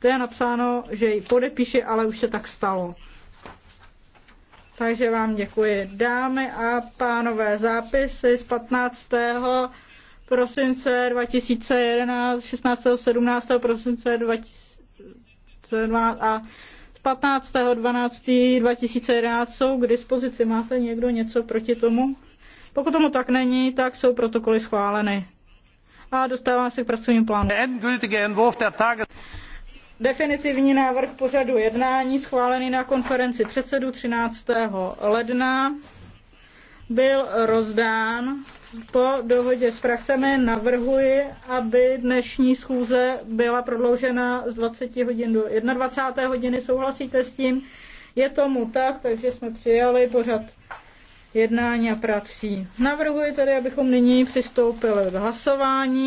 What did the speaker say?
to je napsáno, že ji podepíše, ale už se tak stalo. Takže vám děkuji. Dámy a pánové, zápisy z 15. prosince 2011, 16. 17. prosince 2012 a 15. 12. 2011 jsou k dispozici. Máte někdo něco proti tomu? Pokud tomu tak není, tak jsou protokoly schváleny. A dostávám se k pracovním plánu definitivní návrh pořadu jednání schválený na konferenci předsedů 13. ledna byl rozdán. Po dohodě s frakcemi navrhuji, aby dnešní schůze byla prodloužena z 20 hodin do 21. hodiny. Souhlasíte s tím? Je tomu tak, takže jsme přijali pořad jednání a prací. Navrhuji tedy, abychom nyní přistoupili k hlasování.